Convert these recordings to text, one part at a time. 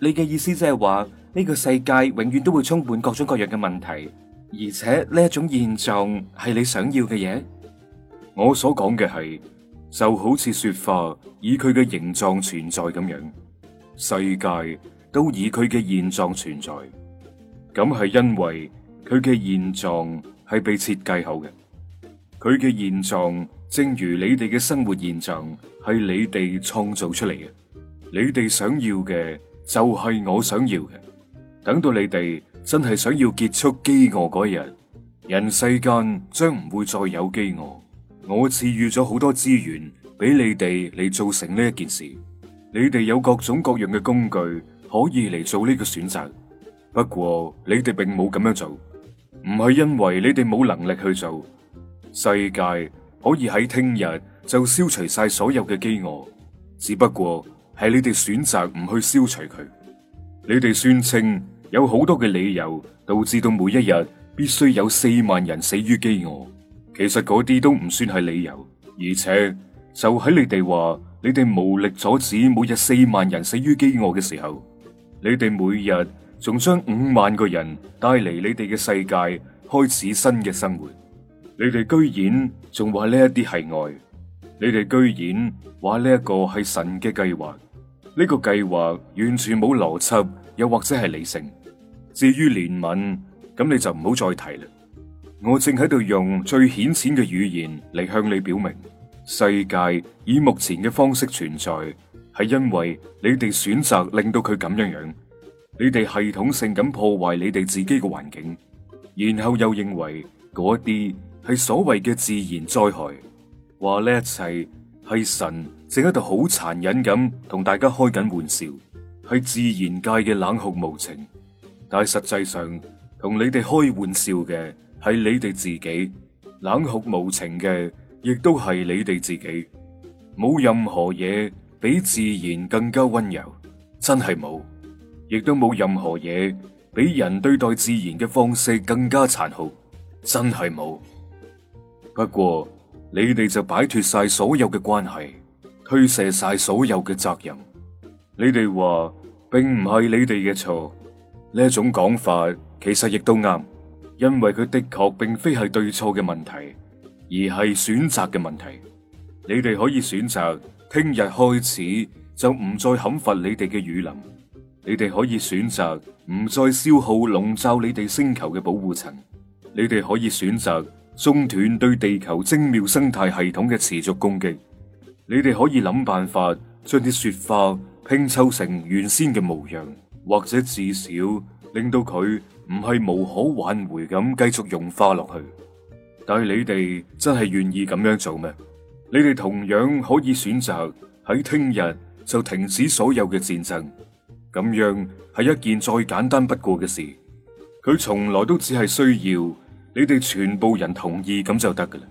你嘅意思即係話呢個世界永遠都會充滿各種各樣嘅問題，而且呢一種現狀係你想要嘅嘢。我所講嘅係就好似雪花以佢嘅形狀存在咁樣，世界都以佢嘅現狀存在。咁係因為佢嘅現狀係被設計好嘅，佢嘅現狀正如你哋嘅生活現狀係你哋創造出嚟嘅，你哋想要嘅。就係我想要嘅。等到你哋真係想要結束飢餓嗰日，人世間將唔會再有飢餓。我賜予咗好多資源俾你哋嚟做成呢一件事。你哋有各種各樣嘅工具可以嚟做呢個選擇。不過你哋並冇咁樣做，唔係因為你哋冇能力去做。世界可以喺聽日就消除晒所有嘅飢餓，只不過……係你哋選擇唔去消除佢，你哋宣稱有好多嘅理由導致到每一日必須有四萬人死於飢餓。其實嗰啲都唔算係理由，而且就喺你哋話你哋無力阻止每日四萬人死於飢餓嘅時候，你哋每日仲將五萬個人帶嚟你哋嘅世界開始新嘅生活。你哋居然仲話呢一啲係愛，你哋居然話呢一個係神嘅計劃。呢個計劃完全冇邏輯，又或者係理性。至於憐憫，咁你就唔好再提啦。我正喺度用最顯淺嘅語言嚟，向你表明，世界以目前嘅方式存在，係因為你哋選擇令到佢咁樣樣。你哋系統性咁破壞你哋自己嘅環境，然後又認為嗰啲係所謂嘅自然災害，話呢一切係神。正喺度好殘忍咁同大家開緊玩笑，係自然界嘅冷酷無情。但係實際上同你哋開玩笑嘅係你哋自己，冷酷無情嘅亦都係你哋自己。冇任何嘢比自然更加溫柔，真係冇；亦都冇任何嘢比人對待自然嘅方式更加殘酷，真係冇。不過你哋就擺脫晒所有嘅關係推卸晒所有嘅責任，你哋話並唔係你哋嘅錯。呢種講法其實亦都啱，因為佢的確並非係對錯嘅問題，而係選擇嘅問題。你哋可以選擇聽日開始就唔再砍伐你哋嘅雨林，你哋可以選擇唔再消耗籠罩你哋星球嘅保護層，你哋可以選擇中斷對地球精妙生態系統嘅持續攻擊。你哋可以諗辦法將啲雪花拼湊成原先嘅模樣，或者至少令到佢唔係無可挽回咁繼續融化落去。但係你哋真係願意咁樣做咩？你哋同樣可以選擇喺聽日就停止所有嘅戰爭，咁樣係一件再簡單不過嘅事。佢從來都只係需要你哋全部人同意咁就得噶啦。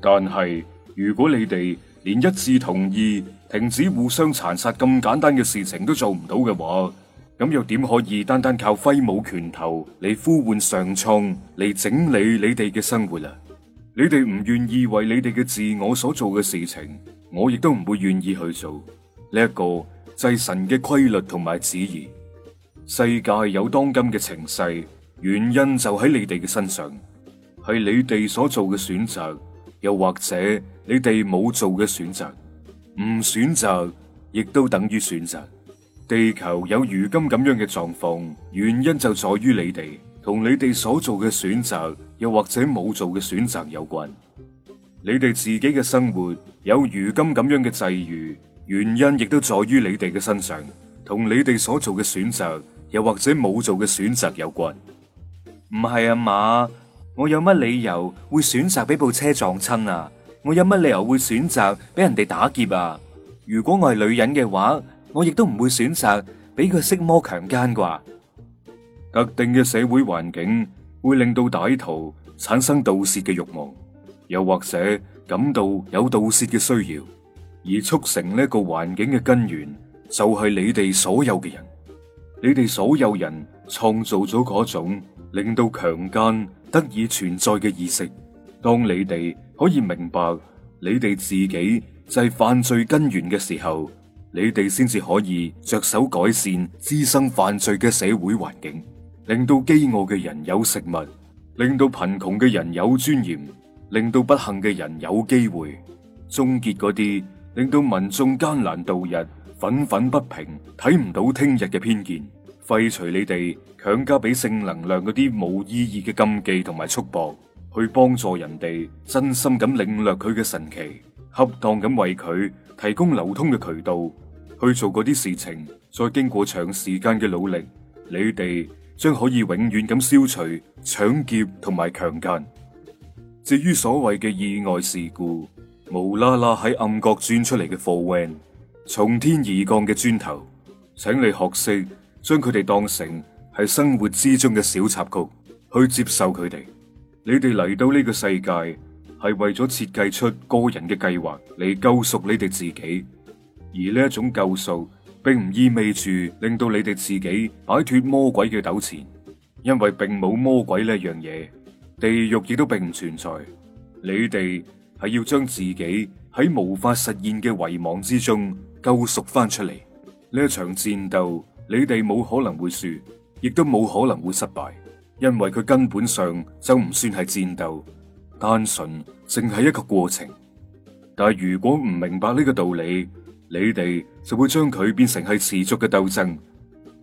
但係如果你哋，連一致同意停止互相殘殺咁簡單嘅事情都做唔到嘅話，咁又點可以單單靠揮舞拳頭嚟呼喚上蒼嚟整理你哋嘅生活啊？你哋唔願意為你哋嘅自我所做嘅事情，我亦都唔會願意去做。呢個就係神嘅規律同埋旨意。世界有當今嘅情勢，原因就喺你哋嘅身上，係你哋所做嘅選擇，又或者。你哋冇做嘅選擇，唔選擇亦都等於選擇。地球有如今咁樣嘅狀況，原因就在於你哋同你哋所做嘅選擇，又或者冇做嘅選擇有關。你哋自己嘅生活有如今咁樣嘅際遇，原因亦都在於你哋嘅身上，同你哋所做嘅選擇，又或者冇做嘅選擇有關。唔係啊嘛，我有乜理由會選擇俾部車撞親啊？我有乜理由會選擇俾人哋打劫啊？如果我係女人嘅話，我亦都唔會選擇俾佢色魔強姦啩？特定嘅社會環境會令到歹徒產生盜竊嘅慾望，又或者感到有盜竊嘅需要，而促成呢個環境嘅根源就係你哋所有嘅人，你哋所有人創造咗嗰種令到強姦得以存在嘅意識。當你哋可以明白你哋自己就係犯罪根源嘅時候，你哋先至可以着手改善滋生犯罪嘅社會環境，令到饑餓嘅人有食物，令到貧窮嘅人有尊嚴，令到不幸嘅人有機會終結嗰啲令到民眾艱難度日、憤憤不平、睇唔到聽日嘅偏見，廢除你哋強加俾性能量嗰啲冇意義嘅禁忌同埋束縛。去幫助人哋，真心咁領略佢嘅神奇，恰當咁為佢提供流通嘅渠道，去做嗰啲事情。再經過長時間嘅努力，你哋將可以永遠咁消除搶劫同埋強奸。至於所謂嘅意外事故、無啦啦喺暗角鑽出嚟嘅貨 van，從天而降嘅磚頭，請你學識將佢哋當成係生活之中嘅小插曲，去接受佢哋。你哋嚟到呢個世界，係為咗設計出個人嘅計劃嚟救贖你哋自己，而呢一種救贖，並唔意味住令到你哋自己擺脫魔鬼嘅糾纏，因為並冇魔鬼呢一樣嘢，地獄亦都並唔存在。你哋係要將自己喺無法實現嘅遺忘之中救贖返出嚟。呢一場戰鬥，你哋冇可能會輸，亦都冇可能會失敗。因為佢根本上就唔算係戰鬥，單純淨係一個過程。但係如果唔明白呢個道理，你哋就會將佢變成係持續嘅鬥爭。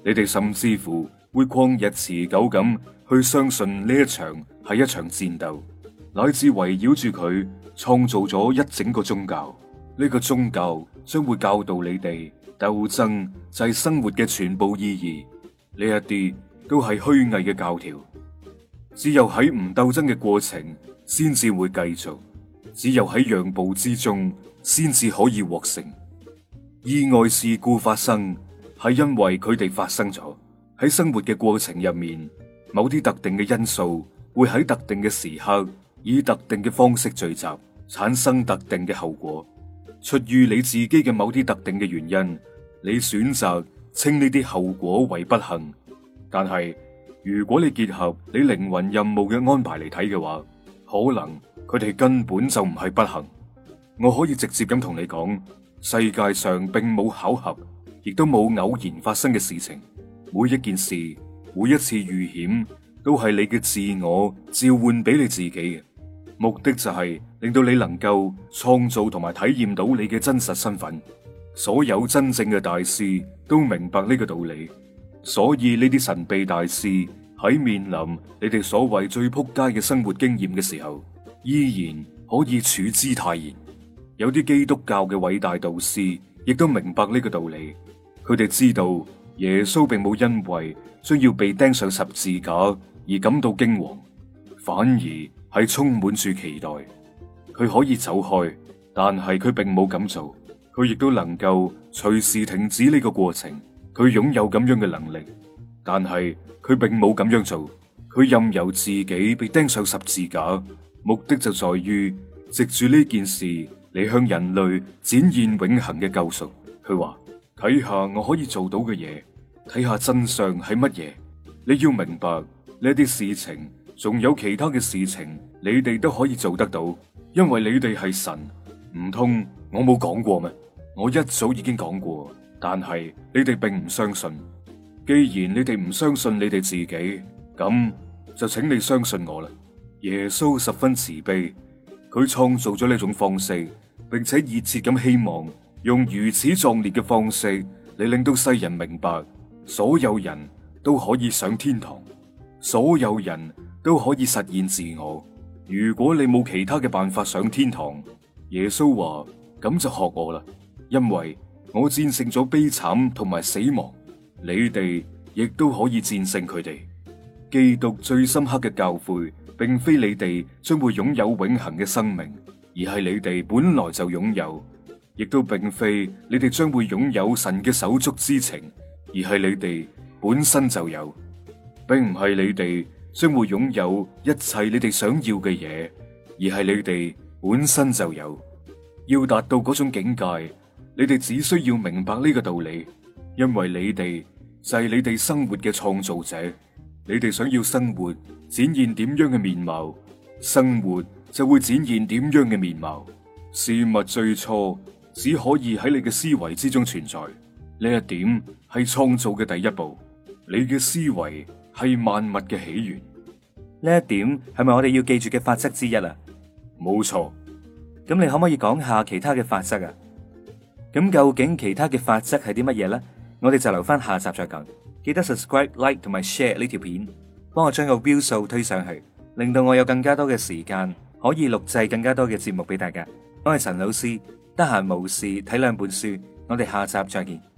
你哋甚至乎會曠日持久咁去相信呢一場係一場戰鬥，乃至圍繞住佢創造咗一整個宗教。呢個宗教將會教導你哋，鬥爭就係生活嘅全部意義。呢一啲。都係虛偽嘅教條，只有喺唔鬥爭嘅過程，先至會繼續；只有喺讓步之中，先至可以獲勝。意外事故發生係因為佢哋發生咗喺生活嘅過程入面，某啲特定嘅因素會喺特定嘅時刻以特定嘅方式聚集，產生特定嘅後果。出於你自己嘅某啲特定嘅原因，你選擇稱呢啲後果為不幸。但係，如果你結合你靈魂任務嘅安排嚟睇嘅話，可能佢哋根本就唔係不幸。我可以直接咁同你講，世界上並冇巧合，亦都冇偶然發生嘅事情。每一件事，每一次遇險，都係你嘅自我召喚俾你自己，目的就係令到你能夠創造同埋體驗到你嘅真實身份。所有真正嘅大師都明白呢個道理。所以呢啲神秘大師喺面臨你哋所謂最撲街嘅生活經驗嘅時候，依然可以處之泰然。有啲基督教嘅偉大導師亦都明白呢個道理。佢哋知道耶穌並冇因為將要被釘上十字架而感到驚惶，反而係充滿住期待。佢可以走開，但係佢並冇咁做。佢亦都能夠隨時停止呢個過程。佢擁有咁樣嘅能力，但係佢並冇咁樣做，佢任由自己被釘上十字架，目的就在於藉住呢件事嚟向人類展現永恆嘅救贖。佢話，睇下我可以做到嘅嘢，睇下真相係乜嘢。你要明白呢啲事情，仲有其他嘅事情，你哋都可以做得到，因為你哋係神。唔通我冇講過咩？我一早已經講過。但係你哋並唔相信，既然你哋唔相信你哋自己，咁就請你相信我啦。耶穌十分慈悲，佢創造咗呢種方式，並且熱切咁希望用如此壯烈嘅方式嚟令到世人明白，所有人都可以上天堂，所有人都可以實現自我。如果你冇其他嘅辦法上天堂，耶穌話咁就學我啦，因為。我戰勝咗悲慘同埋死亡，你哋亦都可以戰勝佢哋。基督最深刻嘅教誨，並非你哋將會擁有永恒嘅生命，而係你哋本來就擁有；亦都並非你哋將會擁有神嘅手足之情，而係你哋本身就有，並唔係你哋將會擁有一切你哋想要嘅嘢，而係你哋本身就有。要達到嗰種境界。你哋只需要明白呢個道理，因為你哋就係你哋生活嘅創造者。你哋想要生活展現點樣嘅面貌，生活就會展現點樣嘅面貌。事物最初只可以喺你嘅思維之中存在，呢一點係創造嘅第一步。你嘅思維係萬物嘅起源，呢一點係咪我哋要記住嘅法則之一啊？冇錯。咁你可唔可以講下其他嘅法則啊？咁究竟其他嘅法則係啲乜嘢呢？我哋就留翻下，下集再講。記得 subscribe、like 同埋 share 呢條片，幫我將個 view 數推上去，令到我有更加多嘅時間可以錄製更加多嘅節目俾大家。我係陳老師，得閒無事睇兩本書，我哋下集再見。